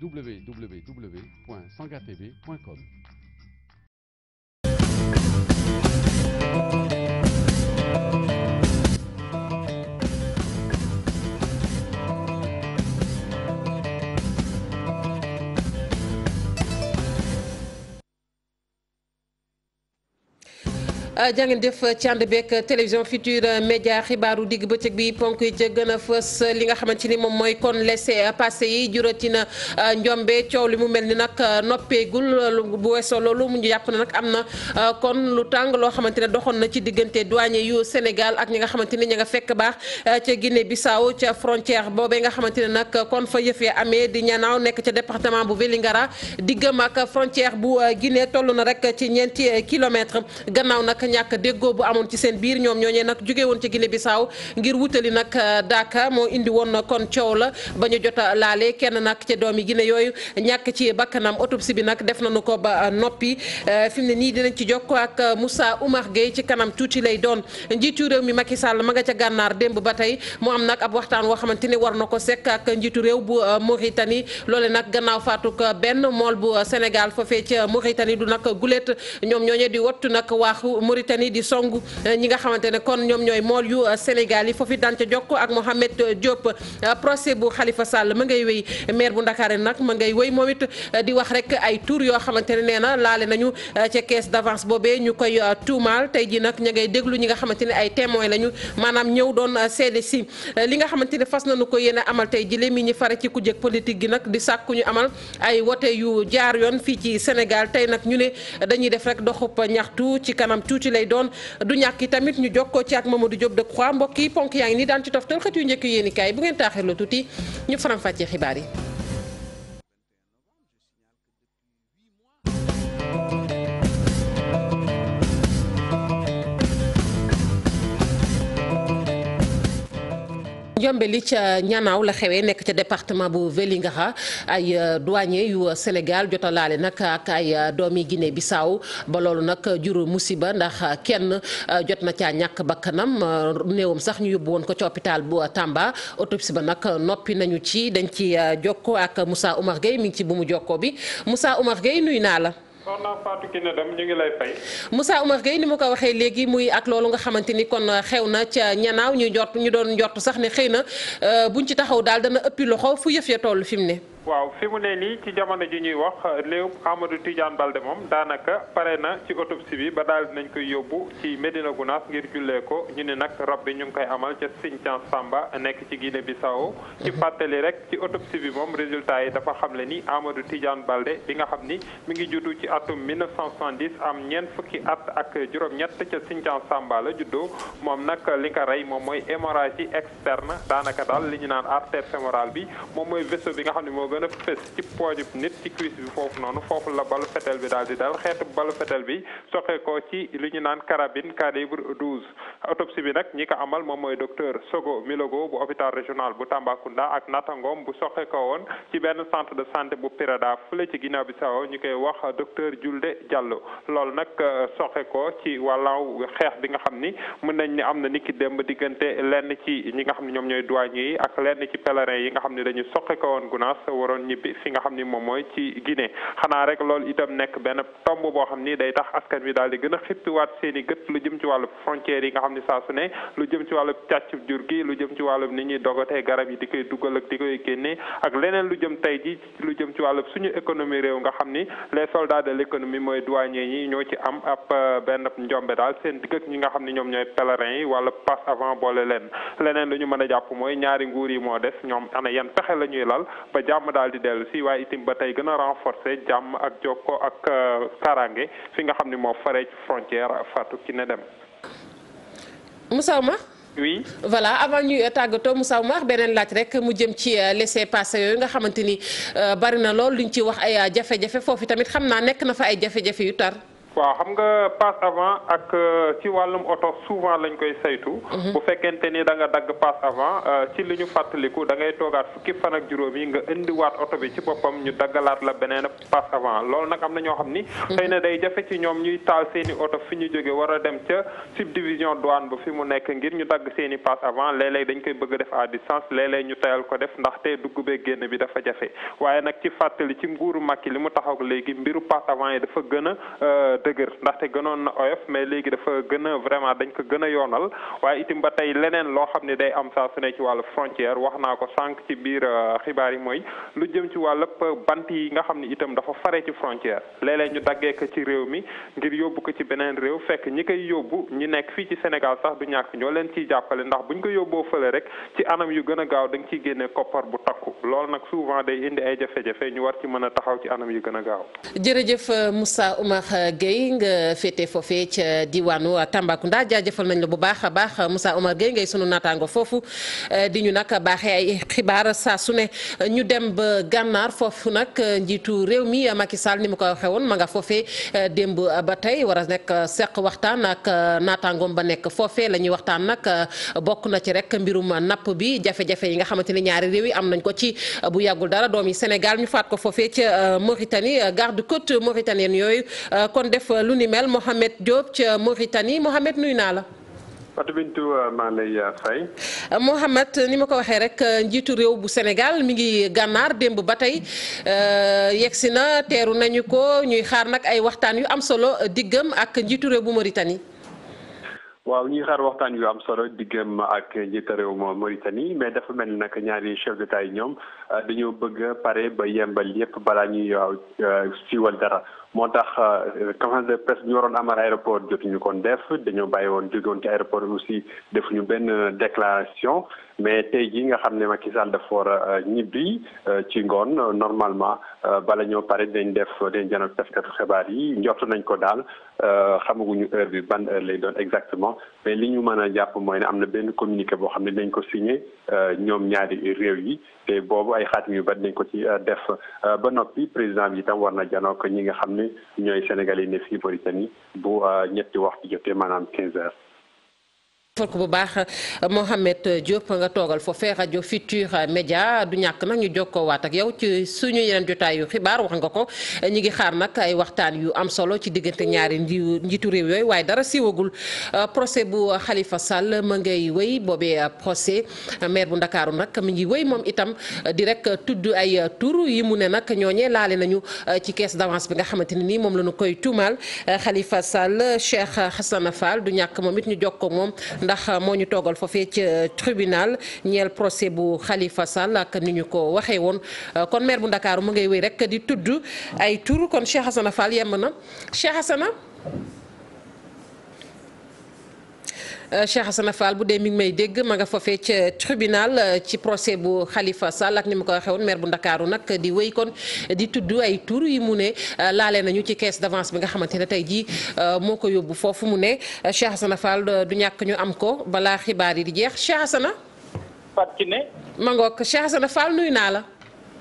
www.sangatv.com. Euh, jàngeen jëf ci ànd beeg télévision Future Média xibaaru digg bëccëg bi ponk yi ca gën a fës li nga xamante ni moom mooy kon laissez-passer yi juratina euh, njombe coow li mu mel ni nag euh, noppeegul bu weesoo loolu mu jàpp na nag am na kon lu tàng loo xamante ne doxoon na ci diggante douanier yu Sénégal ak ñi nga xamante ni ña nga fekk baax ca Guinée Bissau ca frontière boobee nga xamante ne nag kon fa yëf ya amee di ñanaaw nekk ca département bu Vélingara di ak frontière bu Guinée toll na rek ci ñeenti kilomètres ñàkk déggoo bu amoon ci seen biir ñoom ñooñee nag jóge woon ci Guinée Bissau ngir wutali nag euh, Daaka moo indi woon kon coow la ba ñu jot a laale kenn nag ca yi Guinée yooyu ñàkk ci bakkanam autopsie bi nag def nañu ko ba euh, noppi euh, fi mu ne nii dinañ ci jokk ak Moussa Oumar Gueye ci kanam tuuti lay doon njiitu réew mi Macky Sall ma nga ca gànnaar démb ba tey moo am nag ab waxtaan woo xamante ni war na ko sekk ak njiitu réew bu Mauritanie loole nag gannaaw faatuk benn mool bu Sénégal foofee ca Mauritanie Mauritanie di song eh, ñi nga xamante ne kon ñoom ñooy mool yu eh, Sénégal yi foofu daan ca jokk ak Mohamed eh, Diop procès bu Khalifa Sall ma ngay wéy maire bu Ndakaar nag ma ngay wéy moom it di wax rek ay tour yoo xamante ne nee na laale nañu ca caisse d'avance boobee ñu koy tuumaal tey jii nag ña ngay déglu ñi nga xamante ne ay témoins lañu maanaam ñëw doon seede si li nga xamante ne fas nañu ko yéen a amal tey ji mi ñi fare ci ku jëkk gi nag di sàkku ñu amal ay wote yu jaar yoon fii ci Sénégal tey ci lay doon du ñàkk tamit ñu jokkoo ci ak Mamadou Diop de Croix mbokk yi ponk yaa ngi ni daan ci toftal xët yu njëkk yéen i kaay bu ngeen taaxee la tuuti ñu faram-fàccee xibaar yi njombe li ca ñanaaw la xewee nekk ca département bu Vélingara ay euh, douanier yu Sénégal jotalaale nag ak ay euh, doomi Guinée Bissau ba loolu nag juru musiba ndax kenn euh, jot na caa ñàkk bakkanam néewam sax ñu yóbbu woon ko ci hôpital bu Tamba autopsie ba nag noppi nañu ci dañ ci jokkoo ak Moussa Oumar gay mi ngi ci bu mu jokkoo bi Moussa Oumar Gueye nuyu naa la soxna Fatou Kiné Deme ñu ngi lay ni ma ko waxee léegi muy ak loolu nga xamante ni kon euh, xew na ca ñanaaw ñu jot ñu doon jot sax ne xëy na euh, buñ ci taxaw daal dana ëppi loxo fu yëf ya toll fi mu ne. waaw fi mu ne nii ci jamono ji ñuy wax léew Amadou Tidiane Balde moom daanaka pare na ci autopsie bi ba daal nañ koy yóbbu ci Medina Gounass ngir jullee ko ñu ne nag rab bi ñu ngi koy amal ca Sinthiang Samba nekk ci Guinée Bissau ci fàttali rek ci autopsie bi moom résultat yi dafa xamle ni Amadou Tidiane Balde bi nga xam ni mi ngi juddu ci atum 1970 am ñeent fukki at ak juróom-ñett ca Sinthiang Samba la juddoo moom nag li ko rey moom mooy ci externe daanaka daal li ñu naan artère fémorale bi moom mooy xam gën a fës ci poojub nit ci cuisse bi foofu noonu foofu la balu fetel bi daal di dal xeetu balu fetel bi soxe ci li ñu naan carabine calibre 12 autopsie bi nag ñi ko amal moom mooy docteur Sogo Milogo bu hôpital régional bu Tambacounda ak natangoom bu soxe woon ci benn centre de santé bu Pirada fële ci bi Bissau ñu koy wax docteur Julde Diallo loolu nag euh, soxe ci wàllaw xeex bi nga xam ni mën nañ ni am na niki démb diggante lenn ci ñi nga xam ne ñoom ñooy douanier ak lenn ci pèlerin yi xam ne dañu soxe waroon ñibbi fi nga xam ni moom mooy ci Guinée xanaa rek loolu itam nekk benn tomb boo xam ni day tax askan bi daal di gën a xippiwaat seen i gët lu jëm ci wàllu frontières yi nga xam ni saa ne lu jëm ci wàllu càcc jur gi lu jëm ci wàllu ni ñuy dogatee garab yi di koy dugal ak di koy génne ak leneen lu jëm tey ji lu jëm ci wàllu suñu économie réew nga xam ni les soldats de l'économie mooy douanier yi ñoo ci am euh, benn njombe daal seen digg ak ñi nga xam ni ñoom ñooy pèlerins yi wala passe avant boole leen leneen lu ñu mën a jàpp mooy ñaari nguur yi moo des ñoom ana yan pexe la lal ba jàmm jàmm daal di dellu si waaye itam ba tey gën a renforcer jàmm ak jokko ak euh, karange fi nga xam ni moo faree ci frontière Fatou Kiné Deme. Moussa Ouma. oui voilà avant ñuy tàggatoo Moussa Ouma beneen laaj rek mu jëm ci euh, laisser passer yooyu nga xamante ni euh, bari na lool luñ ci wax ay jafe-jafe foofu tamit xam naa nekk na fa ay jafe-jafe yu tar. waaw xam nga passe avant ak euh, ci wàllum oto souvent lañ koy saytu. Mhm. bu fekkente ni da nga dagg passe avant euh, ci li ñu fàttaliku da ngay toogaat fukki fan nag juróom yi nga indiwaat oto bi ci boppam ñu daggalaat la beneen a passe avant loolu nag am na ñoo xam ni. Mhm. xëy na day jafe ci ñoom ñuy taal seeni i oto fi ñu jóge war a dem ca subdivision douane ba fi mu nekk ngir ñu dagg seeni i passe avant léeg dañ koy bëgg def à distance léeg ñu tayal ko def ndaxte dugg génn bi dafa jafe waaye nag ci fàttali ci nguuru Macky li mu taxaw léegi mbiru passe yi dafa gën a euh, dëgër ndaxte gënoon na oyof mais léegi dafa gën a vraiment dañ ko gën a yoonal waaye itam ba tey leneen loo xam ne day am saa su ne ci wàllu frontière wax naa ko sànq ci biir euh, xibaar yi mooy lu jëm ci wàllub bant yi nga xam ne itam dafa fare ci frontière léeg ñu daggee ko ci réew mi ngir yóbbu ko ci beneen réew fekk ñi koy yóbbu ñi nekk fii ci Sénégal sax du ñàkk ñoo leen ciy jàppale ndax buñ ko yóbboo fële rek ci anam yu gën a gaaw danga ciy génne koppar bu takku loolu nag souvent day indi ay jafe ñu war ci mën a taxaw ci anam yu gën a gaaw euh, Gueye nga féete foofee ca diwaanu Tambacounda jaajafal nañ la bu baax a baax Moussa Omar Gueye ngay sunu naataango foofu eh, di ñu nag baaxee ay xibaar saa su ne ñu dem ba gànnaar foofu nag eh, njiitu réew mi eh, Macky Sall ni mu ko waxee woon ma nga foofee démb ba tey wara a nekk seq waxtaan ak nataangoom ba nekk foofee la ñuy waxtaan nag bokk na ci rek mbirum napp bi jafe-jafe yi nga xamante ni ñaari réew yi am nañ ko ci bu yàggul dara doom yi Sénégal ñu faat ko foofee def lu ni mel Mohamed Diop ca Mauritanie Mohamed nuyu naa la. Fatou Bintou euh, maa lay euh, fay. Mohamed ni ma ko waxee rek euh, njiitu réew bu Sénégal mi ngi gànnaar démb ba tey yegsi na teeru nañu ko ñuy xaar nag ay waxtaan yu am solo diggam ak njiitu réew bu Mauritanie. waaw ñuy xaar waxtaan yu am solo diggam ak njiitu réew mais dafa mel ni nag ñaari chef d'État yi ñoom dañoo bëgg pare ba yembal yépp balaa ñuy siiwal dara. moo tax euh, conférence de presse bi ñu waroon amal aéroport jotuñu kon def dañoo bàyyi woon jóge woon ci aéroport aussi defuñu benn déclaration mais tey jii nga xam ne Macky Sall dafa war a euh, ñibbi euh, ci ngoon euh, normalement bala ñoo pare dañ def dañ jano taskatu xibaar yi njort nañ ko daal xamaguñu heure bi ban heure lay doon exactement mais li ñu mën a jàpp mooy ne am na benn communiqué boo xam ne dañ ko signé ñoom ñaari réew yi te boobu ay xaatim yu bari dañ ko ci def ba noppi président bi itam war na janoo ko ñi nga xam ne ñooy sénégalais ne fii Mauritanie bu ñetti wax jotee maanaam 15 jaajëfal ko bu baax Mohamed Diop nga toogal foofee rajo Futurs Médias du ñàkk nag ñu jokkoo waat ak yow ci suñu yeneen jotaayu xibaar wax nga ko ñu ngi xaar nag ay waxtaan yu am solo ci diggante ñaari njiitu réew yooyu waaye dara siiwagul procès bu xalifa Sall ma ngay wéy boobee procès maire bu Ndakaaru nag mi ngi wéy moom itam di rek tudd ay tur yi mu ne nag ñooñee laale nañu ci caisse d'avance bi nga xamante ne nii moom la ñu koy tuumaal Khalifa Sall Cheikh Hassana ndax moo ñu toogal foofee ca euh, tribunal ñeel procès bu xalifa Sall ak ni ñu ko waxee woon euh, kon maire bu Ndakaaru mu ngay wéy rek di tudd ay tur kon Cheikh Hassana Fall yemb na Cheikh Euh, Cheikh Assane Fall bu dee mi ngi may dégg ma nga foofee ca tribunal euh, ci procès bu xalifa Sall ak ni ma ko waxee woon bu Ndakaaru nag di wéy kon di tudd ay tuur yi mu ne euh, laale nañu ci caisse d'avance bi nga xamante ne tey jii moo ko yóbbu foofu mu ne Cheikh Assane Fall du ñàkk ñu am ko balaa xibaar yi di jeex Cheikh Assane. Fatou Kiné. ma ngoog Cheikh Assane Fall nuyu naa la.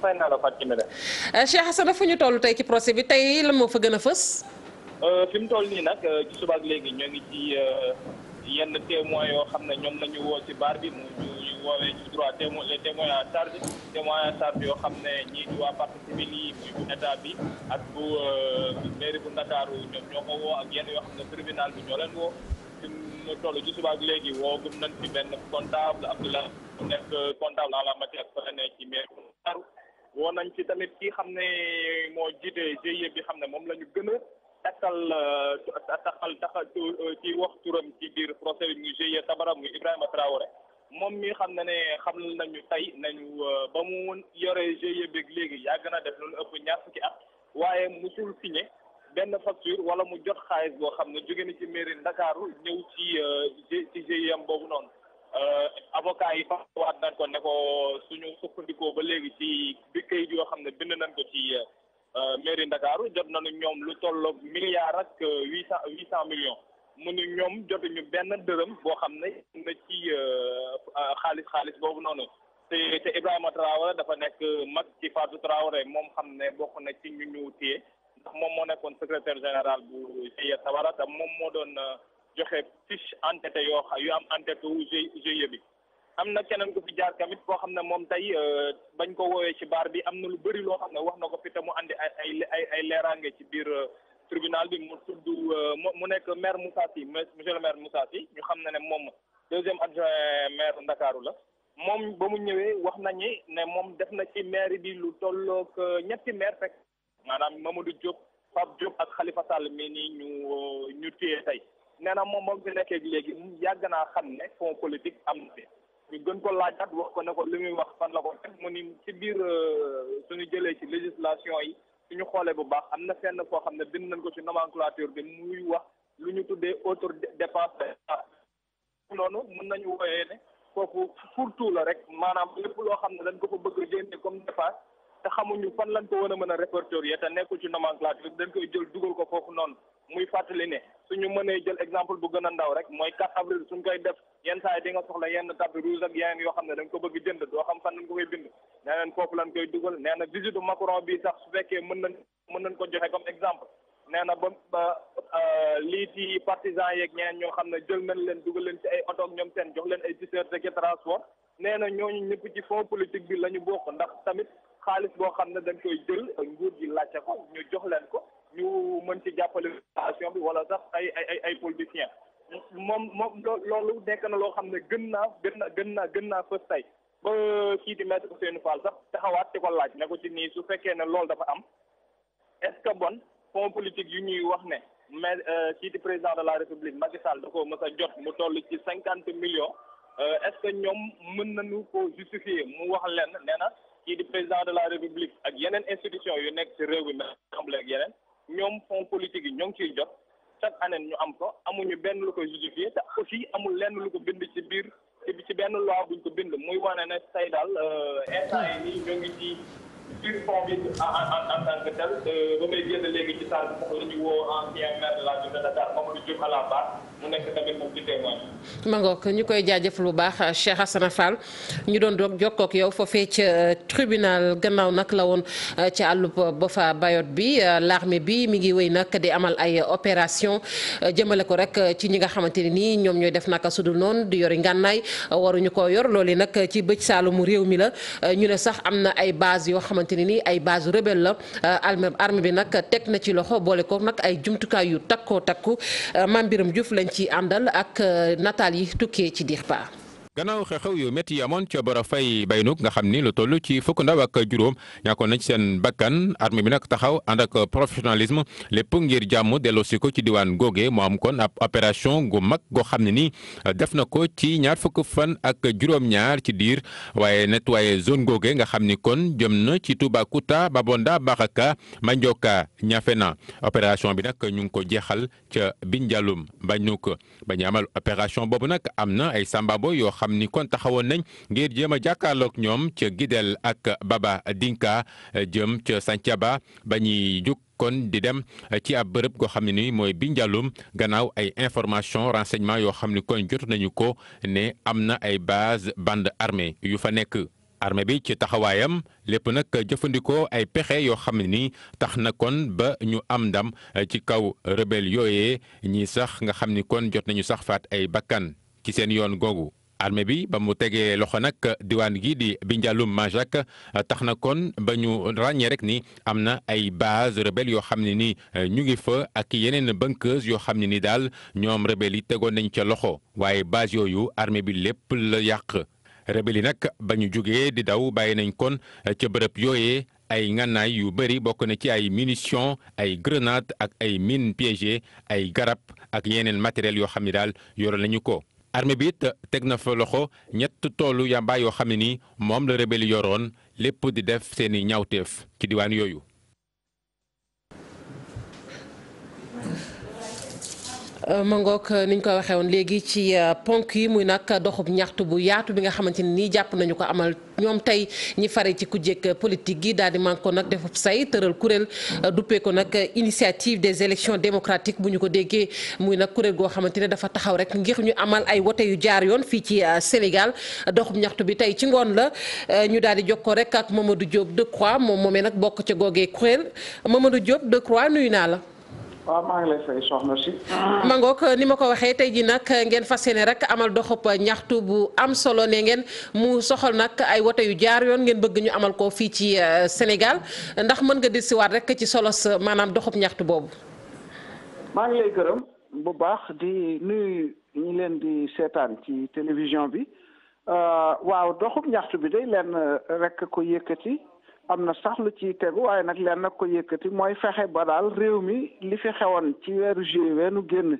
fay naa la Fatou fu ñu toll tey ci procès bi tey lan moo fa gën a fës. yenn témoins yoo xam ne ñoom la woo ci baar bi mu ñu woowee ci droit témoin les témoins à charge témoins à yoo xam ne ñii di waa partie civile bu état bi ak bu euh, mairie bu Ndakaaru ñoom ñoo ko woo ak yenn yoo xam ne tribunal bi ñoo leen woo ci mu toll ci subaak léegi woo gum ci benn comptable Abdoulaye mu nekk comptable en la matière fële ne ci mairie bu Ndakaaru woo nañ ci tamit kii xam ne moo jiite GIE bi xam ne moom la ñu gën a Euh, takkal takkal takkal euh, ci wax turam ci biir procès bi muy GIE Sabara muy Ibrahima rek moom mi xam na ne xam nañu tey nañu euh, ba mu yore GIE beeg léegi yàgg na def loolu ëpp ñaar fukki at waaye musul signé benn facture wala mu jot xaalis boo xam ne jóge ci mairie Ndakaaru ñëw ci ci e, e boobu noonu avocat yi fawaat nañ ko ne ko suñu sukkandikoo ba léegi ci bi kayit yoo xam ne bind nañ ko ci Euh, mairie Ndakaaru jot na nañu ñoom lu tolloog milliards ak euh, huit cent huit cent million mu ne ñoom jotuñu benn dërëm boo xam ne na ci euh, xaalis xaalis boobu noonu te te Ibrahima Traoré dafa nekk mag ci Fatou Traoré moom xam ne bokk na ci ñu ñu ndax moom moo nekkoon secretaire général bu GIE Sabara moom moo doon joxe fiche entêté yoo yu am entêté wu GIE bi am na keneen ku fi jaar tamit koo xam ne moom tey euh, bañ ko woowee ci baar bi am na lu bëri loo xam ne wax na ko fi te mu andi ay ay ay leeraange ci biir euh, tribunal bi mu tudd euh, mu nekk maire Moussa Sy monsieur le maire Moussa Sy ñu xam na ne moom deuxième adjoint maire Ndakaaru la moom ba mu ñëwee wax nañu ne moom def na ci maire bi lu tollook ñetti maire fekk maanaam Mamadou Diop Pape Diop ak xalifa Sall mii nii ñu ñu téye tey nee moom moom fi nekkee léegi yàgg naa xam ne fond politique am na ñu gën ko laajaat wax ko ne ko li muy wax fan la ko teg mu ni ci biir euh, suñu jëlee ci législation yi suñu xoolee bu baax am na fenn foo xam ne bind nañ ko ci nomenclature bi muy wax lu ñu tuddee autre dépense noonu mën nañu wooyee ne foofu surtout la rek maanaam lépp loo xam ne dañ ko fa bëgg a génne comme dépense te xamuñu fan lañ ko war a mën a répertorier te nekkul ci nomenclature dañ koy jël dugal ko foofu noonu muy fàttali ne suñu mënee jël exemple bu gën a ndaw rek mooy 4 avril suñ koy def yenn saa yi di nga soxla yenn tapis rouge ak yeneen yoo xam ne dañ ko bëgg jënd doo xam fan lañ ko koy bind nee nañ foofu lañ koy dugal nee na visite Macron bi sax su fekkee mën nañ mën nañ ko joxe comme exemple nee na ba ba euh, lii ci partisan yeeg ñeneen ñoo xam ne jël nañ leen dugal leen ci ay oto ñoom seen jox leen ay t-shirt ak transport nee na ñooñu ñëpp ci fond politique bi la ñu bokk ndax tamit xaalis boo xam ne dañ koy jël nguur gi laajte ko ñu jox leen ko ñu mën ci jàppale population bi wala sax ay ay ay politiciens moom moom loolu nekk na loo xam ne gën naa gën na gën naa gën naa fës tey ba kii di maître Ousseynou Fall sax taxawaat ci ko laaj ne ko ci nii su fekkee ne loolu dafa am est que bon fonds politique yu ñuy wax ne mais euh, kii di président de la république Macky Sall da ko mës a jot mu toll ci cinquante millions euh, est-ce ñoom mën nañu ko justifier mu wax leen nee kii di président de la république ak yeneen institution yu nekk ci réew mi mais assemblée ak yeneen ñoom fonds politique yi ñoo ngi ciy jot chaque année ñu am ko amuñu benn lu ko justifié te aussi amul lenn lu ko bind ci biir ci benn loi buñ ko bind muy wane ne tey daal euh, instant yi nii ñoo ngi ci biir fonds bi en tant que tel euh, ba may génn léegi ci salle bi sax woo ancien maire de la ville de Dakar Mamadou Diouf à la base mu nekk ñu koy jaajëf bu baax Cheikh Assane Fall ñu doon doog jokkook yow foofee ca euh, tribunal gannaaw nag la woon euh, ci àllub Boffa Bayotte bi euh, l'armée bi mi ngi wéy nag di amal ay opération jëmale ko rek ci ñi nga xamante ne nii ñoom ñooy def naka sudul noon di yori ngànnaay waruñu koo yor loolu nag ci bëj saalumu réew mi la ñu ne sax am na ay base yoo xamante ne nii ay base rebelle la arme bi nag teg na ci loxo boole ko nag ay jumtukaay yu takkoo takku Mame Birame lañ ci àndal ak euh, nataal yi tukkee ci diir ba gannaaw xew-xew yu métti yi amoon ca boro fay baynuk nga xam ni lu tollu ci fukk ndaw ak juróom ñàkkoon nañ seen bakkan armée bi nag taxaw ànd ak professionnalisme lépp ngir jàmm delloosi ko ci diwaan googe moo am kon ab opération gu mag goo xam ne ni def na ko ci ñaar fukk fan ak juróom ci diir waaye nettoyé zone googe nga xam ni kon jëm na ci Toubacouta Babonda Baxaka Mandioka Niafena opération bi nag ñu ngi ko jeexal ca Binjalum Baniouk ba ñu amal boobu nag am na ay sambabo yoo xam xam ni kon taxawoon nañ ngir jéem a jàkkaarloog ñoom ca Gidel ak Baba Dinka eh, jëm ca sancaba ba ñuy jug kon di dem eh, ci ab bërëb goo xam ne ni mooy Binjalum gannaaw ay information renseignement yoo xam ni kon jot nañu ko ne am na ay base band armée yu fa nekk armée bi ci taxawaayam lépp nag jëfandikoo ay pexe yoo xam ne ni tax na kon ba ñu am ndam eh, ci kaw rebelle yooye ñi sax nga xam ni kon jot nañu sax faat ay bakkan ci seen yoon googu armée bi ba mu tegee loxo nag diwaan gi di Binjalum Majak tax na kon ba ñu ràññee rek ni am na ay base rebelle yoo xam ne ni ñu ngi fa ak yeneen bunkers yoo xam ne ni daal ñoom rebelle yi tegoon nañ ca loxo waaye base yooyu armée bi lépp la yàq rebelle yi nag ba ñu jógee di daw bàyyi nañ kon ca bërëb yooyee ay ngànnaay yu bëri bokk na ci ay munitions ay grenades ak ay mines piégées ay garab ak yeneen matériel yoo xam ne daal yore nañu ko armée bi it teg na fa loxo ñett toolu yàmbaay yoo xam ne ni moom la rebelle yoroon lépp di def seeni ñawteef ci diwaan yooyu Euh, ma ngoog euh, ni ñu ko waxee woon léegi ci euh, ponk yi muy nag doxub ñaxtu bu yaatu bi nga xamante ne nii jàpp nañu ko amal ñoom tey ñi fare ci kujjeg politique gi daal di man ko nag defub say tëral kuréel duppee ko nag initiative des élections démocratiques bu ñu ko déggee muy nag kuréel goo xamante ne dafa taxaw rek ngir ñu amal ay wote yu jaar yoon fii ci Sénégal doxub ñaxtu bi tey ci ngoon la ñu daal di ko rek ak Mamadou Diop Decroix moom moomee nag bokk ca googee kuréel Mamadou Diop Decroix nuyu naa la. waaw maa ngi lay fay soxna si. Mangook ni ma ko waxee tey jii nag ngeen fas yéene rek amal doxub ñaxtu bu am solo ne ngeen mu soxal nag ay wote yu jaar yoon ngeen bëgg ñu amal ko fii ci euh, Sénégal ndax mën nga dellusiwaat rek ci solo maanaam doxub ñaxtu boobu. maa ngi lay gërëm bu baax di nuyu ñi leen di seetaan ci télévision bi euh, waaw doxub ñaxtu bi day leen rek ko yëkkati. am na sax lu ciy tegu waaye nag leen nag ko yëkkati mooy fexe ba daal réew mi li fi xewoon ci weeru juillet nu génn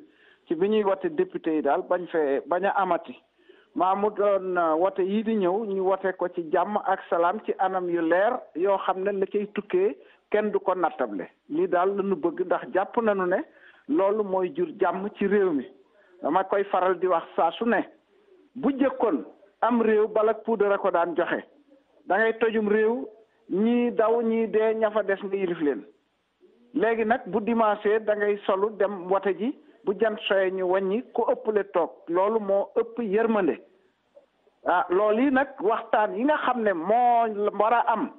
ci bi ñuy wote député yi daal bañ fe bañ a amati maa mu doon uh, wote yii di ñëw ñu wote ko ci jàmm ak salaam ci anam yu leer yoo xam ne la cay tukkee kenn du ko nattable lii daal lañu bëgg ndax jàpp nañu ne loolu mooy jur jàmm ci réew mi dama koy faral di wax saa su ne bu jëkkoon am réew balak puudara ko daan joxe da tojum réew ñii daw ñii dee ña fa des nga yilif leen léegi nag bu dimanche da solu dem wote ji bu jant soye ñu waññi ku ëpple toog loolu moo ëpp yërmande ah loolu yi nag waxtaan yi nga xam ne moo war a am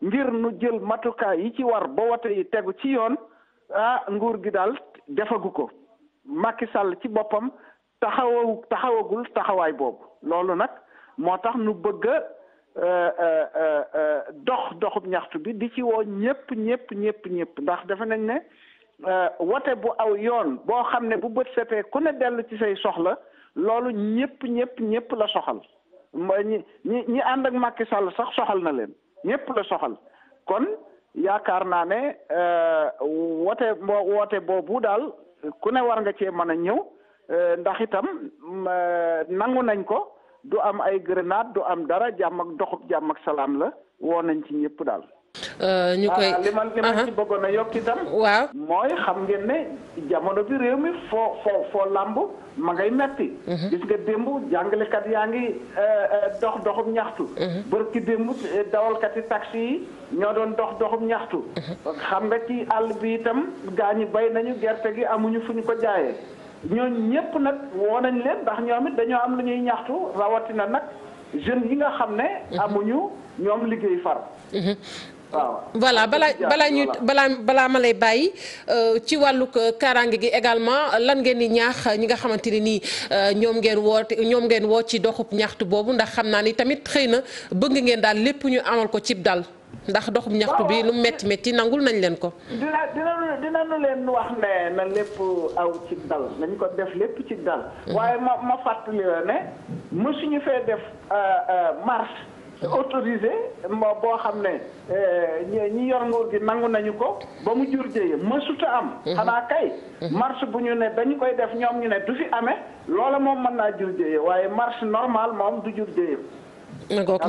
ngir nu jël matukaay yi ci war ba wote yi tegu ci yoon ah nguur gi daal defagu ko Macky sàll ci boppam taxawawu taxawagul taxawaay boobu loolu nag moo tax nu bëgg Euh, euh, euh, dox doxub ñaxtu bi di ci woo ñëpp ñëpp ñëpp ñëpp ndax dafa nañ ne wote bu aw yoon boo xam ne bu bët setee ku ne dellu ci say soxla loolu ñëpp ñëpp ñëpp la soxal ñi ñi ñi ànd ak Macky Sall sax soxal na leen ñëpp la soxal kon yaakaar naa ne wote boo woote boobu daal ku ne war nga cee mën a ñëw ndax itam nangu nañ ko du am ay grenade du am dara jàmm ak doxub jàmm ak salaam la woo nañ ci ñëpp daal. Euh, ñu koy ah, li man li man uh-huh. ci bëggoon a yokk itam. waaw mooy xam ngeen ne jamono bi réew mi foo foo foo làmb ma ngay metti uh-huh. gis nga démb jàngalekat yaa ngi euh, euh, dox doxub ñaxtu. Uh-huh. bërki démb dawalkati taxi yi ñoo doon dox doxub ñaxtu. xam nga ci àll bi itam gaa ñi bay nañu gerte gi amuñu fu ñu ko jaayee. ñooñu ñëpp nag woo nañ leen ndax ñoom it dañoo am lu ñuy ñaxtu rawatina nag jeunes yi nga xam ne. Mhm. amuñu ñoom liggéey far. Mhm. waaw voilà balaa balaa ñu balaa balaa ma lay bàyyi euh, ci wàllug kaaraange gi également lan ngeen di ñaax ñi nga xamante ne nii euh, ñoom ngeen woote ñoom ngeen woo ci doxub ñaxtu boobu ndax xam naa ni tamit xëy na bëgg ngeen daal lépp ñu amal ko cib dal. ndax doxum ñaxtu bii lu metti metti nangul nañ leen ko. dina dina dina nu leen wax ne na lépp aw ci dal nañ ko def lépp ci dal. Mhm. waaye ma ma fàttali la ne mësuñu fee def euh, euh, marche autorisé moo boo xam ne euh, ñi yor nguur gi nangu nañu ko ba mu jur jëye mësuta am mhm. xanaa kay mhm. marche bu ñu ne dañu koy def ñoom ñu ne du fi amee loola moom mën naa jur jëye waaye marche normal moom du jur jëye ngoog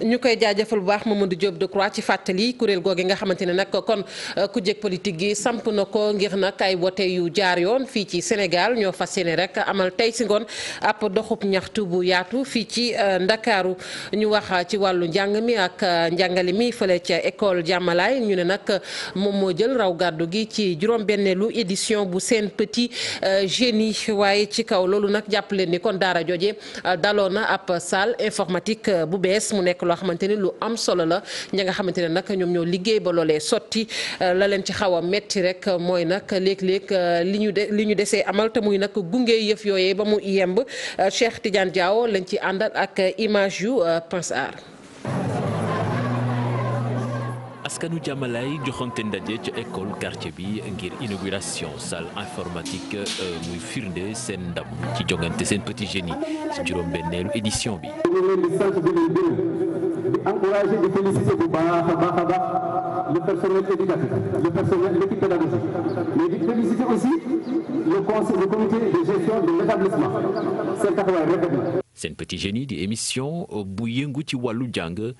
ñu koy jaajëfal bu baax Mamadou Diop Decroix ci fàttali kuréel googu nga xamante ne nag kon euh, ku jég politique gi samp na ko ngir nag ay wote yu jaar yoon fii ci Sénégal ñoo fas yéene rek amal tey si ngoon ab doxub ñaxtu bu yaatu fii ci euh, Ndakaaru ñu wax ci wàllu njàng mi ak euh, njàngale mi fële ca école Jàmmalaay ñu ne nag moom moo jël raw gàddu gi ci juróom-benneelu édition bu seen petit génie waaye ci kaw loolu nag jàpp leen ni kon daara jooje daloo na ab salle informatique politique euh, bu bees mu nekk loo xamante ni lu am solo la ña nga xamante ne nag ñoom ñoo liggéey ba loolee sotti euh, la leen ci xaw a metti rek mooy nag léeg-léeg euh, li ñu de li ñu desee amal te muy nag gunge yëf yooye ba mu yemb Cheikh Tidiane Diaw lañ ci àndal ak image yu Pense Art askanu jàmmalaay joxante ndaje ca école quartier bi ngir inauguration salle informatique euh, muy firnde seen ndam ci jongante seen petit génie ci juróom-benneelu édition bi. ñu leen di bu baax le personnel éducatif le personnel l' mais di félicité aussi le conseil le comité de gestion de l' établissement seen taxawaay rafet na. seen petit génie di émission bu yëngu ci wàllu jàng.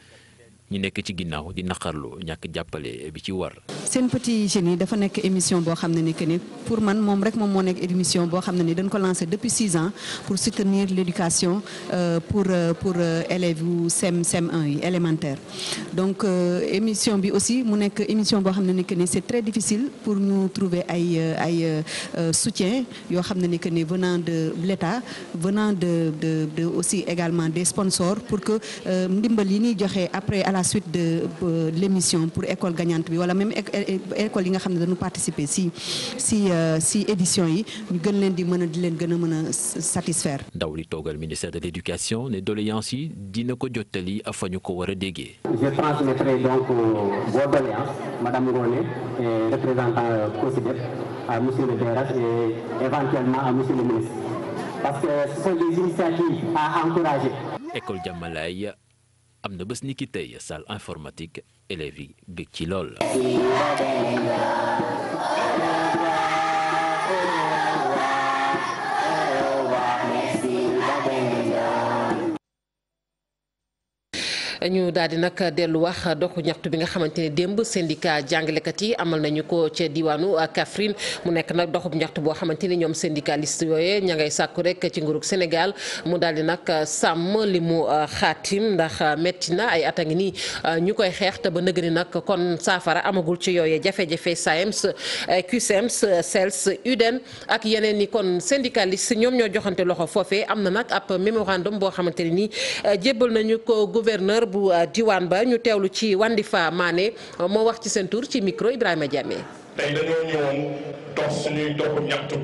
ñu nekk ci ginnaaw di naqarlu ñàkk jàppale bi ci war. seen petit génie dafa nekk émission boo xam ne ni que ni pour man moom rek moom moo nekk émission boo xam ne ni dañ ko lancé depuis six ans pour euh, pour euh, pour euh, élèves yu CM CM1 donc émission bi aussi mu nekk émission boo xam ne ni que ni c' est très difficile pour ñu trouver ay ay soutien yoo xam ne ni que ni venant de l' état venant de aussi également des sponsors pour que ndimbal yi ñuy joxe après la suite de euh, l'émission pour école gagnante bi wala même école yi nga xam ne dañu participer si si euh, si édition yi gën leen di mën a di leen gën a mën a satisfaire. ndaw li toogal ministère de l'éducation ne doléances yi dina ko jottali fa ñu ko war a je transmettrai donc euh, vos doléances madame Ngoné représentant COSYDEP à monsieur le DRH et éventuellement à monsieur le ministre parce que ce sont des initiatives à encourager. école Diamalaye. am na bés ni ki tey salle informatique élèves yi bég ci lool ñu daal di nag dellu wax doxu ñaxtu bi nga xamante ne démb syndicat jàngalekat yi amal ñu ko ca diwaanu Kaffrine mu nekk nag doxub ñaxtu boo xamante ni ñoom syndicaliste yooye ña ngay sàkku rek ci nguurug Sénégal mu daal di nag sàmm li mu euh, xaatim ndax euh, metti na ay at a ngi nii euh, ñu koy xeex te ba nëgë ni nag kon saafara amagul ci yooye jafe-jafe SAEMS CUSEMS CELS UDEN ak yeneen ni kon syndicaliste ñoom ñoo joxante loxo foofe am na nag ab mémorandum boo xamante ne nii bu euh, diwaan ba ñu teewlu ci Wandifa Mané euh, moo wax ci seen tur ci micro Ibrahima Diamé. tey dañoo ñëwoon dox suñuy doxu ñaxtu.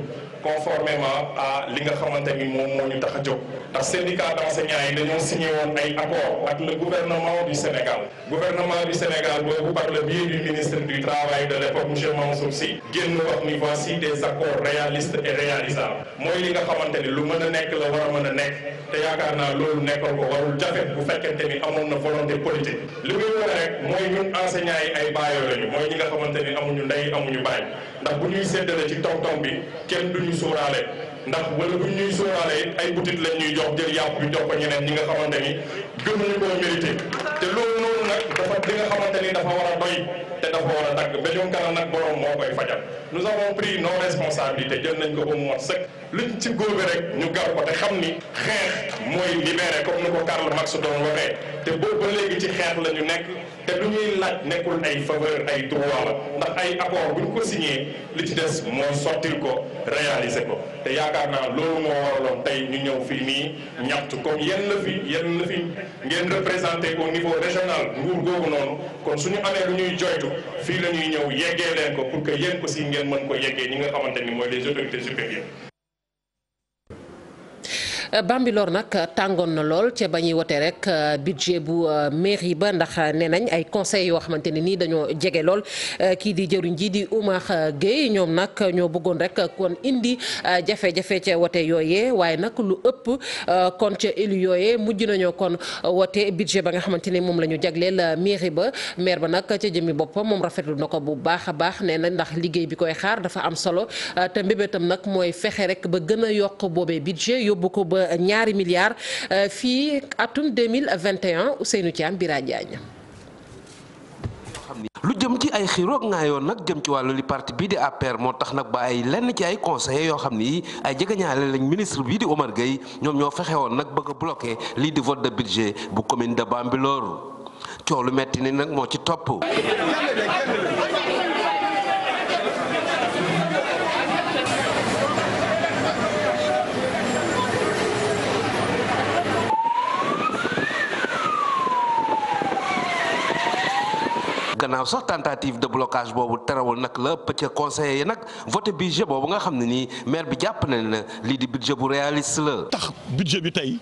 conformément a li nga xamante ni moom moo ñu tax a jóg ndax syndicat d'enseignants yi dañoo signé woon ay accord ak le gouvernement du Sénégal gouvernement du Sénégal boobu par le biais du ministre du travail de l'époque monsieur Mansour Sy génn wax ni voici des accords réalistes et réalisables mooy li nga xamante lu mën a nekk la war a mën a nekk te yaakaar naa loolu nekkoon warul jafe bu fekkente ni amoon na volonté politique li muy wane rek mooy ñun enseignants yi ay baayoo lañu mooy ñi nga xamante ni amuñu ndey amuñu baay sóoraale ndax wala buñ ñuy sóoraale it ay butit lañ ñuy jox jël yàpp bi jox ko ñeneen ñi nga xamante ni gënuñu koo mérité te loolu noonu nag dafa li nga xamante ni dafa war a doy te dafa war a dagg ba kanam nag borom moo koy fajal nous avons pris nos responsabilités jël nañ ko ba mu sëkk luñ ci góobe rek ñu gar ko te xam ni xeex mooy libéré comme ni ko Karl Marx doon waxee te boobu léegi ci xeex la ñu nekk te lu ñuy laaj nekkul ay faveur ay droit la ndax ay accord buñ ko signé li ci des moo sottil ko réaliser ko te yaakaar naa loolu moo waraloon tey ñu ñëw fii nii ñaxtu comme yenn fi yenn la fi ngeen représenté au niveau régional nguur googu noonu kon suñu amee lu ñuy mën ko yeggee ñi nga xamante ni mooy les autorités Bambilor nag tàngoon na lool ca ba ñuy wote rek euh, budget bu euh, mairie ba ndax euh, nee nañ ay conseil yoo xamante ne nii dañoo jege lool kii di jëriñ ji di Oumar Gueye ñoom nag ñoo bëggoon rek kon indi jafe-jafe ca wote yooyee waaye nag lu ëpp kon ca élu yooyee mujj nañoo kon wote budget ba nga xamante ne moom la ñu jagleel mairie ba maire ba nag ca jëmmi boppam moom rafetlu na ko bu baax a baax nee na ndax liggéey bi koy xaar dafa am solo te mbébétam nag mooy fexe rek ba gën yokk ñaari milliards euh, fii atum 2021 Ousseynou Thiam Bira Diagne lu jëm ci ay xiroog ngaayoon nag jëm ci wàllu li parti bii di APR moo tax nag ba ay lenn ci ay conseillers yoo xam ni ay jegeñaale lañ ministre bii di Omar Gueye ñoom ñoo fexewoon nag bëgg a lii di vote de budget bu commune de Bambilor coow lu metti ni nag moo ci topp gannaaw sax tentative de blocage boobu terewul nag la pëcc conseillers yi nag voté budget boobu nga xam ne nii maire bi jàpp na ne lii di budget bu réaliste la. tax budget bi tey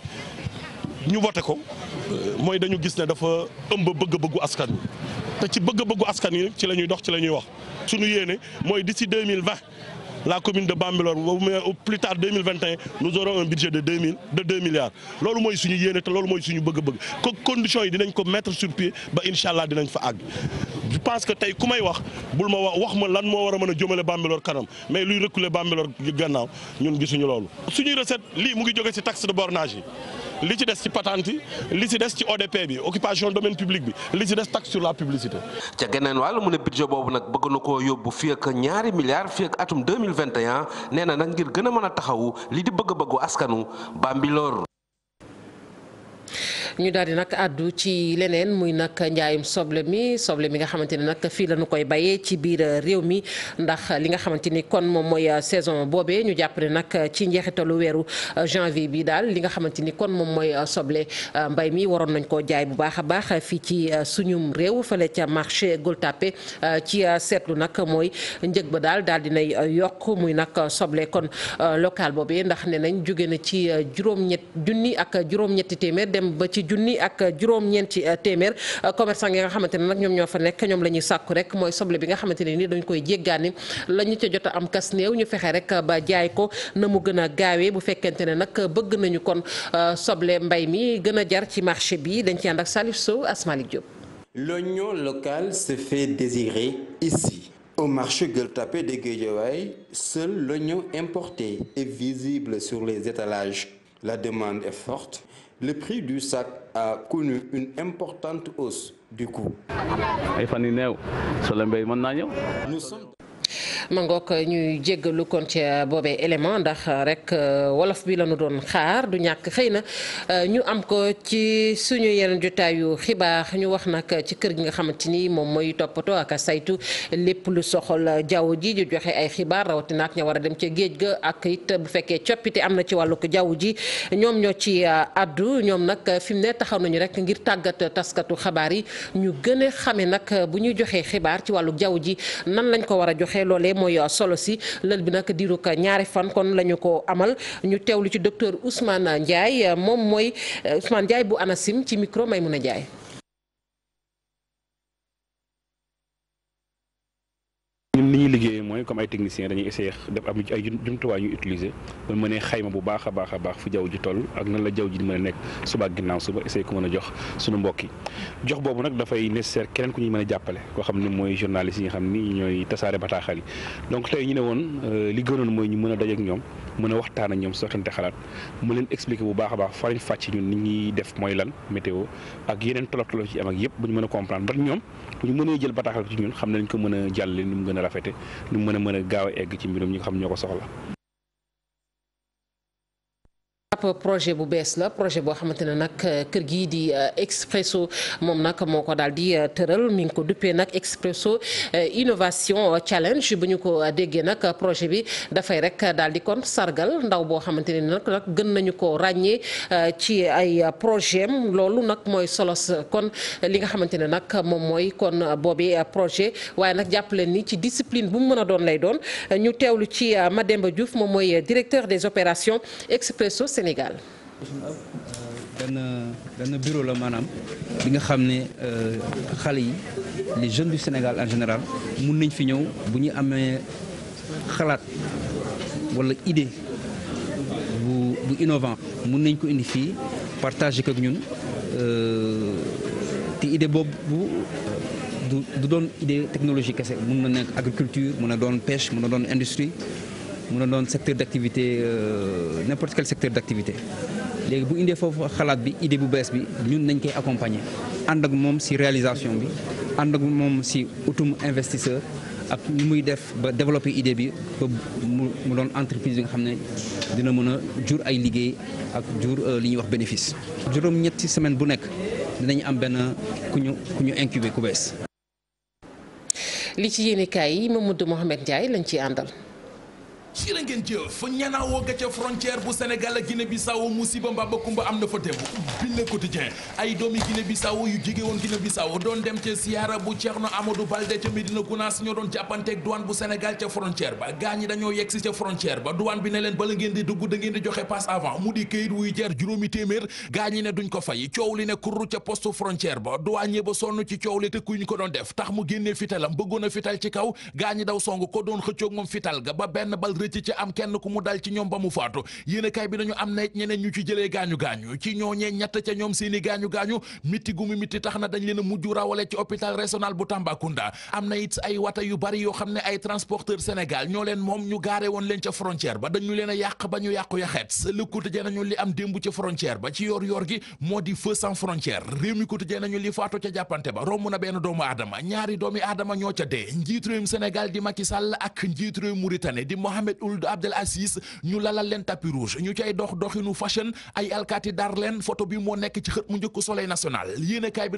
ñu voté ko euh, mooy dañu gis ne dafa ëmb bëgg-bëggu askan wi te ci bëgg-bëggu askan yi ci la ñuy dox ci la ñuy wax. sunu yéene mooy d'ici deux la commune de Bambilor au plus tard 2021 nous aurons un budget de 2 000 de 2 milliards loolu mooy suñu yéene te loolu mooy suñu bëgg-bëgg ko conditions yi dinañ ko mettre sur pied ba incha dinañ fa àgg je pense que tey ku may wax bul ma wax wax ma lan moo war a mën a jëmale Bambilor kanam mais luy reculer Bambilor gannaaw ñun gisuñu loolu suñuy recette lii mu ngi jóge si taxe de bornage yi li ci des ci patente li ci des ci ODP bi occupation domaine public bi li ci des taxe sur la publicité. ca geneen wàll mu ne budget boobu nag bëgg na koo yóbbu fii ñaari milliards fii atum deux mille vingt et nee na nag ngir gën a mën a taxawu li di bëgg-bëggu askanu Bambilor. ñu daal di nag àddu ci leneen muy nag njaayum soble mi soble mi nga xamante ne nag fii lañu koy bayee ci biir réew mi ndax li nga xamante ni kon moom mooy saison boobee ñu jàpp nag ci njeexitalu weeru janvier bi daal li nga xamante ni kon moom mooy soble euh, mbay mi waroon nañ koo jaay bu baax a baax fii ci euh, suñum réew fële marché gueule ci euh, seetlu nag mooy njëg ba daal daal nay yokk muy nag soble kon local boobe ndax ne nañ jóge na ci juróom-ñett junni ak juróom-ñetti téeméer dem ba ci fukki junni ak juróom-ñeenti eh, téeméer eh, commerçant yi nga xamante ne nag ñoom ñoo fa nekk ñoom lañuy sàkku rek mooy soble bi nga xamante ne ni dañ koy jéggaani la ñu ca jot am kas néew ñu fexe rek eh, ba jaay ko na mu gën a gaawee bu fekkente ne nag bëgg nañu kon soble mbay mi gën a jar ci marché bi dañ ci ànd ak Salif Sow Asmalik Diop. L'oignon local se fait désirer ici. Au marché Gueule Tapée de Guédiawaye, seul l'oignon importé est visible sur les étalages. La demande est forte. le prix du sac a connu une importante hausse du coût. Nous sommes ma ngoog ñuy jéggalu kon ca boobe élément ndax rek euh, wolof bi lanu doon xaar du ñàkk xëy na euh, ñu am ko ci suñu yeneen jotaayu xibaar ñu wax nag ci kër gi nga xamante ni moom mooy toppatoo ak saytu lépp lu soxal jaww ji di joxe ay xibaar rawatina ak ña war a dem ca géej ga ak it bu fekkee coppite am na ci wàllug jaww ji ñoom ñoo ci euh, addu ñoom nag fi mu ne taxaw nañu rek ngir tàggat taskatu xabaar yi ñu gën a xame nag bu ñuy joxee xibaar ci wàllu jaww ji nan lañ ko war a joxe loolee mooy mooy solo si lël bi nag diiru ko ñaari fan kon la ñu ko amal ñu teew lu ci docteur Ousmane Ndiaye moom mooy Ousmane Ndiaye bu ANACIM ci mun a Ndiaye liggéeyee mooy comme ay techniciens dañuy essayer def am ay jumtuwaay ñu utiliser ba mënee xayma bu baax a baax a baax fu jaww ji toll ak nan la jaww ji mën a nekk suba ak ginnaaw suba essayer ko mën a jox koo xam ne mooy journalistes yi nga ñu ne woon euh, li gënoon mooy ak ñoom sottante xalaat bu baax ba ñoom bu ñu mënee jël bataaxal ci ñun xam ne nañ ko mën a jàllale ni mu gën a rafete lu mën a mën a gaaw egg ci mbirum ñi nga xam ñoo ko soxla ab projet bu bees la projet boo xamante ne nag euh, kër gii di euh, Expresso moom nag moo ko daal di euh, tëral mi ngi ko duppee nag Expresso innovation challenge bu ñu ko déggee nag projet bi dafay rek daal di kon sargal ndaw boo xamante ne nag nag gën nañu ko ràññee ci ay projet loolu nag mooy solos kon li nga xamante ne nag moom mooy kon boobee projet waaye nag jàpp leen ni ci discipline bu mu mën a doon lay doon ñu teewlu ci Mademba Diouf moom mooy directeur des opérations Sénégal. benn bureau la maanaam bi nga xam ne euh, xale yi les jeunes du Sénégal en général mun nañ fi ñëw bu ñu amee xalaat walla idée bu innovant mun nañ ko indi fii partager ko ak ñun euh, te idée boobu du doon idée technologique kese mun na nekk agriculture mun na doon pêche mun na doon industrie. mun na doon secteur d'activité euh, n'importe quel secteur d'activité léegi bu indee foofu xalaat bi idée bu bees bi ñun nañ koy accompagner ànd ak moom ci réalisation bi ànd ak moom ci utum investisseur ak muy def ba développer idée bi mu mu doon entreprise bi nga xam ne dina mën a jur ay liggéey ak jur euh, li ñuy wax bénéfice. juróom semaine bu nekk dinañ am benn ku ñu ku ñu incubé ku bees. li ci yéene kaay yi Mamadou Mohamed Ndiaye lañ ciy àndal. sira ngeen jëf ñanaawoo ga ca frontière bu Sénégal ak Guinée Bissau musiba mbamba kumba am na fa démb bi le quotidien ay doomi Guinée Bissau yu jóge woon Guinée Bissau doon dem ca siyaara bu Thierno Amadou Baldé ca Médina Gounass ñoo doon jàppanteeg douane bu Sénégal ca frontière ba gaa ñi yegsi ca frontière ba douane bi ne leen bala ngeen di dugg da di joxe passe avant mu di këyit wuy jar juróomi téeméer gaa ñi ne duñ ko fay coow a fital ci kaw gaa ñi daw song ko doon ba rëcc ci am kenn ku mu dal ci ñoom ba mu faatu yéenekaay bi nañu am na ñeneen ñu ci jëlee gaañu-gaañu ci ñooñee ñett ca ñoom seeni gaañu-gaañu miti gu mu miti tax na dañ leen a mujj rawale ci hôpital régional bu Tambacounda am na it ay wata yu bari yoo xam ne ay transporteur Sénégal ñoo leen moom ñu gaare woon leen ca frontière ba dañu leen a yàq ba ñu yàqu yaxeet Le Quotidien nañu li am démb ci frontière ba ci yor yor gi moo di feu sans frontière réew mi Quotidien nañu li faatu ca jàppante ba romb na benn doomu aadama ñaari doomi aadama ñoo ca Mohamed Ould Abdel Aziz ñu lalal leen tapis rouge ñu cay dox doxinu fashion ay alkaati dar leen bi moo nekk ci xët mu njëkk soleil national yéen a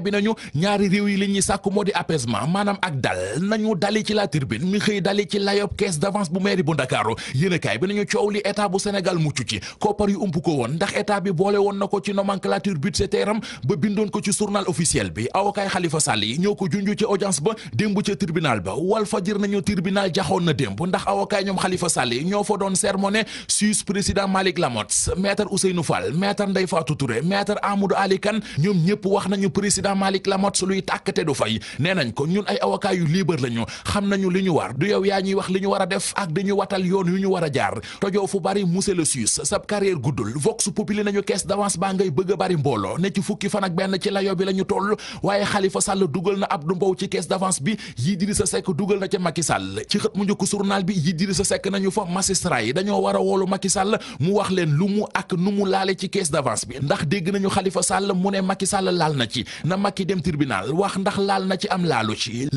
bi nañu a ñaari réew yi li ñuy moo di apaisement maanaam ak dal nañu dali ci la la Tribune mi xëy dali ci layob caisse d'avance bu mairie bu ndakaaru yéenekaay bi nañu coow li état bu Sénégal mucc ci koppar yu ump ko woon ndax état bi boole woon na ko ci nomenclature budgétaire am ba bindoon ko ci journal officiel bi awokaay Khalifa Sall ñoo ko junj ci audience ba démb ca tribunal ba Walf Fadjri nañu tribunal jaxoon na démb ndax awokaay ñoom Khalifa Sall ñoo fa doon sermoné sus président Malick Lamotte maître Ousseynou Fall maître Ndeye Fatou Touré nañu li ñu war du yow yaa ñuy wax li ñu war a def ak dañu watal yoon yu ñu war a jaar tojoo fu bari monsieur le sus sab carrière guddul vox populi nañu kees d'avance baa ngay bëgg a bari mbooloo ne ci fukki fan ak benn ci layo bi la ñu toll waaye Khalifa Sall dugal na Abdou Mbow ci kees d'avance bi Idrissa Seck dugal na ca Macky Sall ci xët mu njëkk journal bi Idrissa Seck nañu fa magistrat yi dañoo war a woolu Macky Sall mu wax leen lu mu ak nu mu laale ci kees d'avance bi ndax dégg nañu Khalifa Sall mu ne Macky Sall laal na ci na Macky dem tribunal wax ndax laal na ci am laalu ci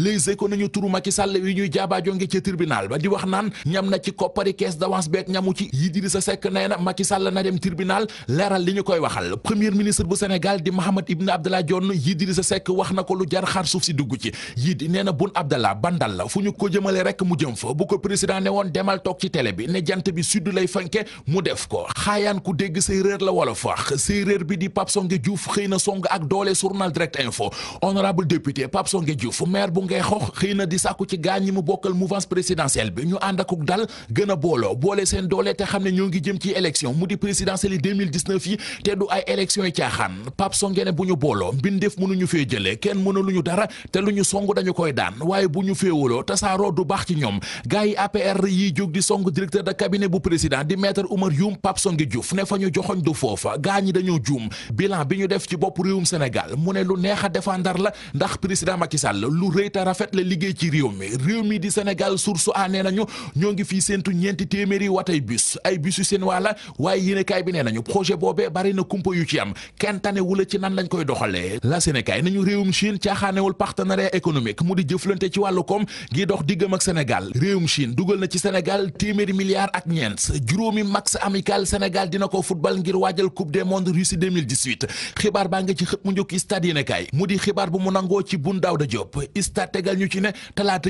xale wi ñuy jaabaajonge ca tribunal ba di wax naan ñam na ci koppari caisse d'avance beeg ñamu ci Idrissa Seck nee na Macky Sall na dem tribunal leeral li ñu koy waxal premier ministre bu Sénégal di Mahammed Ibn Abdallah Dionne Idrissa Seck wax na ko lu jar xar suuf si dugg ci yii di nee na Boun Abdallah bandal la fu ñu ko jëmale rek mu jëm fa bu ko président ne woon demal toog ci télé bi ne jant bi sud lay fanke mu def ko xaayaan ku dégg séeréer la wala fax séeréer bi di Pape Songe Diouf xëy na song ak doole journal direct info honorable député Pape Songe Diouf maire bu ngay xox xëy na di sàkku ci gaa ñi mu bokkal mouvance présidentielle bi ñu ànd akuk dal gën a booloo boole seen doole te xam ne ñoo ngi jëm ci élection mu di présidentielle yi 2019 yi te du ay élection yi caaxaan Pape Songene bu ñu booloo mbindeef mënuñu fee jëlee kenn ñu dara te lu ñu song dañu koy daan waaye bu ñu féewaloo tasaaroo du baax ci ñoom gaa yi APR yiy jóg di song directeur de cabinet bu président di maître Oumar Youm Pape Songe Diouf ne fa ñu joxoñ du foofa gaa ñi dañoo juum bilan bi ñu def ci bopp réewum Sénégal mu ne lu neex a défendre la ndax président Macky Sall lu rëy te rafet la liggéey ci réew mi réew mii di Sénégal source a nee nañu ñoo ngi fii séentu ñeenti téeméeri wat ay bus ay bus yu seen wàlla waaye yéenekaay bi nee nañu projet boobee bari na kumpa yu ci am kenn tane wula ci nan lañ koy doxalee la Sénégal nañu réewum Chine caaxaanewul partenariat économique mu di jëflante ci wàllu koom gi dox diggam ak Sénégal réewum Chine dugal na ci Sénégal téeméeri milliards ak ñeent juróomi max amical Sénégal dina ko football ngir waajal coupe du monde Russie 2018 xibaar baa nga ci xët mu njëkk stade yéenekaay mu di xibaar bu mu nangoo ci Boun Daouda Diop stade tegal ñu ci ne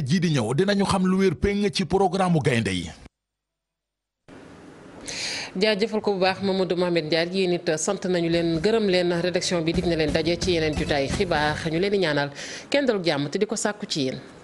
ji jii di ñëw dinañu xam lu wér péng ci programme gaynde yi jaajëfal ko bu baax ma Mamadou Mohamed Ndiaye yéen it sant nañu leen gërëm leen rédaction bi dig na leen daje ci yeneen jotaay xibaar ñu leen di ñaanal kenn dal jàmm te di ko sàkku ci yéen